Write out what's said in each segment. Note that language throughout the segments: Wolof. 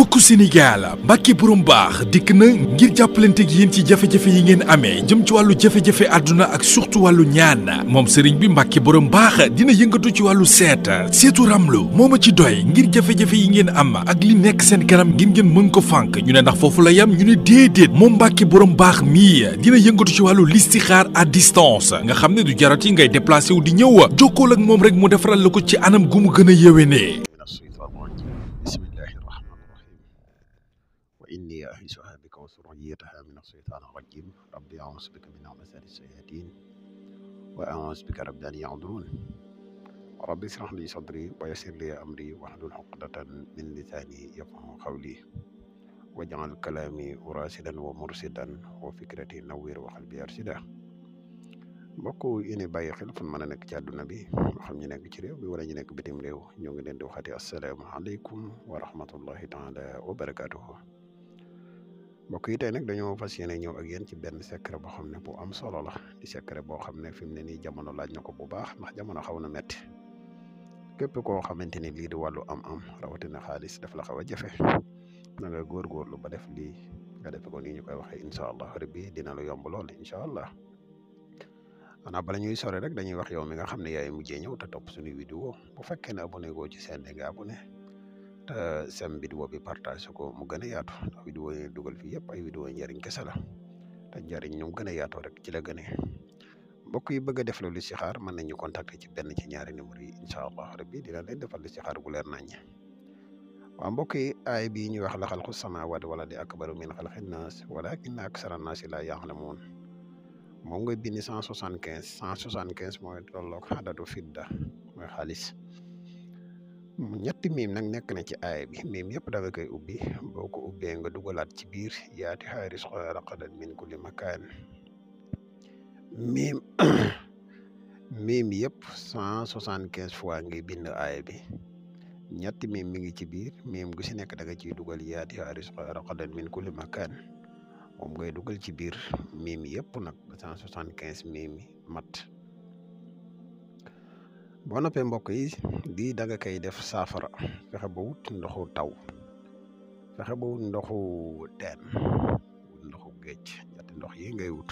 mbokku senegal mbacke borom baax dikk na ngir jàppalante ak yéen ci jafe-jafe yi ngeen amee jëm ci wàllu jafe-jafe àdduna ak surtout wàllu ñaan moom sëriñ bi mbacke borom baax dina yëngatu ci wàllu seet seetu ramlu moma ci doy ngir jafe-jafe yi ngeen am ak li nekk seen kanam ngir ngeen mën ko fànk ñu ne ndax foofu la yam ñu ne déedéet moom mbacke borom baax mii dina yëngatu ci wàllu listixaar à distance nga xam ne du jarati ngay déplacé wu di ñëw jokkool ak moom rek mu defaral la ci anam gumu mu gën a ربي أعيسها بك وذريتها من الشيطان الرجيم ربي أعوذ بك من عمثال الشياطين وأعوذ بك رب أن يعذرون ربي اشرح لي صدري ويسر لي أمري واحلل عقدة من لساني يفقه قولي واجعل كلامي راشدا ومرشدا وفكرتي نوير وقلبي أرشدا mbokk yi ne bàyyi xel fan mën a nekk ci àdduna bi moo xam ñu nekk ci réew bi wala ñu nekk bitim réew ñoo ngi leen di waxati asalaamaaleykum wa rahmatullahi taala wa mbokk yi tey nag dañoo fas yéene ñëw ak yéen ci benn secret boo xam ne bu am solo la di secret boo xam ne fi mu ne nii jamono laaj na ko bu baax ndax jamono xaw na métti képp koo xamante ni lii di wàllu am-am rawatina xaalis daf la xaw a jafe na nga góorgóorlu ba def lii nga defe ko nii ñu koy waxee allah rabbi dina la yomb lool incha allah. xanaa bala ñuy sore rek dañuy wax yow mi nga xam ne yaay mujjee ñëw te topp suñu vidéo bu fekkee ne abonné goo ci seen dégg abonné sam video bi partage ko mu gëna yaatu video yi dugal fi yépp ay video ñariñ kessa la ta ñariñ ñu gëna yaatu rek ci la gën a mbokk yi bëgg def lu ci xaar mën nañu contacter ci benn ci ñaari numéro yi inshallah rabbi dina lay defal ci xaar gu leer nañ wa mbokk yi ay bi ñu wax la khalqu samawati wala di akbaru min khalqin nas walakin aksara nas la ya'lamun moom nga bindi 175 175 moy tolok fidda moy khalis ñetti mim nak nek na ci ay bi mim yep da nga koy ubbi boko ubbe nga dugulat ci bir yaati xaaris raqadan min kulli makan mim mim yep 175 fois ngi bind ay bi ñetti mim mi ngi ci bir mim gu ci nek da nga ci dugal yaati min kulli makan mom ngay dugal ci bir mim yep nak 175 mim mat boo noppee mbokk yi di da nga koy def saafara fexe ba wut ndoxu taw fexe ba ndoxu teen wut ndoxu géej ñetti ndox yi ngay wut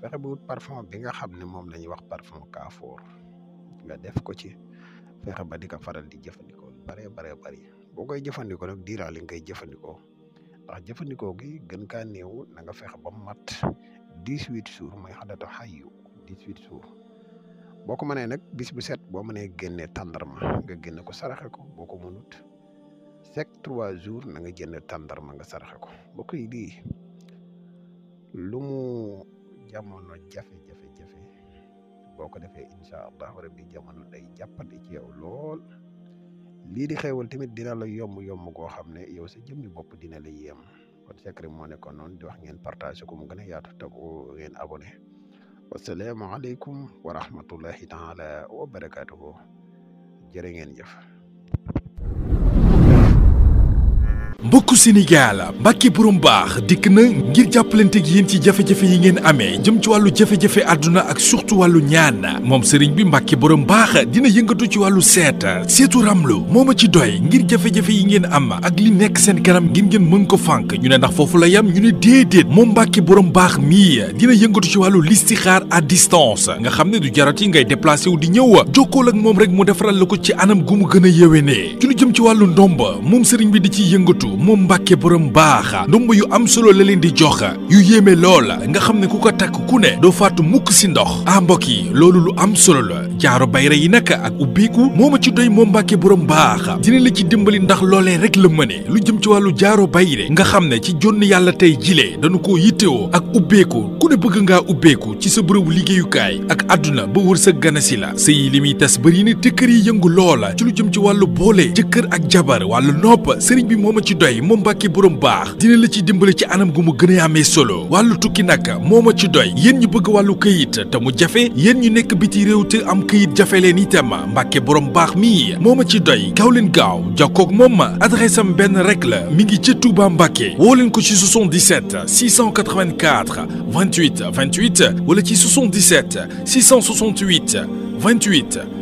fexe ba wut parfum bi nga xam ne moom la wax parfum kaafoor nga def ko ci fexe ba di ko faral di jëfandikoo bare bare bari boo koy jëfandikoo nag diiraa li ngay jëfandikoo ndax jëfandikoo gi gën kaa néew na nga fexe ba mat dix-huit jours mooy xadatu xayyu dix-huit boo ko mënee nag bis bu set boo mënee génne tàndarma nga génne ko saraxe ko boo ko mënut chaque trois jours na nga jënd tàndarma nga saraxe ko mbokk yi lii lu mu jamono jafe-jafe jafe boo ko defee incha allahu rabbi jamono day jàppandi ci yow lool lii di xewal tamit dina la yomb yomb goo xam ne yow sa jëmmi bopp dina la yéem kon secret moo nekkoon noonu di wax ngeen partage ko mu gën a yaatu te ngeen abonné wasalaamualeykum wa rahmatullahi taala wa barakaatuhu jërë ngeen jëf mbokku senegal mbacke borom bax dik na ngir jàppalanteeg yeen ci jafe-jafe yi ngeen amé jëm ci walu jafe-jafe aduna ak surtout walu ñaan mom serigne bi mbacke borom bax dina yëngatu ci walu sét sétu ramlu moma ci doy ngir jafé jafé yi ngeen am ak li nekk seen kanam ngir ngeen mën ko fank ñu né ndax fofu la yam ñu ne dédét mom mbacke borom bax mi dina yëngatu ci walu listikhar à distance nga xamné du jarati ngay déplacer wu di ñëw loko ak mom rek mu défaral lako ci anam gumu gëna yewé né ci lu jëm ci walu ndomba mom serigne bi di ci yëngatu moom mbàkke borom baax ndomb yu am solo la leen di jox yu yéeme loola nga xam ne ku ko takk ku ne doo faatu mukk si ndox ah mbokk yi loolu lu am solo la jaaro bayra yi nag ak ubbiiku moo ma ci doy moom mbàkke borom baax dina la ci dimbali ndax loolee rek la mëne lu jëm ci wàllu jaaro bayre nga xam ne ci jonn yàlla tey jilee dañu koo yittewoo ak ubbeeku ku ne bëgg ngaa ubbeeku ci sa bërëbu liggéeyukaay ak àdduna ba wër sa ganasi la sëy li muy tas bëri na te kër yi yëngu loola ci lu jëm doy moom Mbàkke borom bax dina la ci dimbali ci anam gu mu solo walu tukki nak moma ci doy yeen ñu bëgg walu këyit te mu jafé yeen ñu nekk biti réew te am këyit jafé leen itam mbacké borom bax mi moma ci doy kawlin leen gaaw adresse am rek la mi ngi ci Touba mbacké ko ci 77 684 28 28 wala ci 77 668 28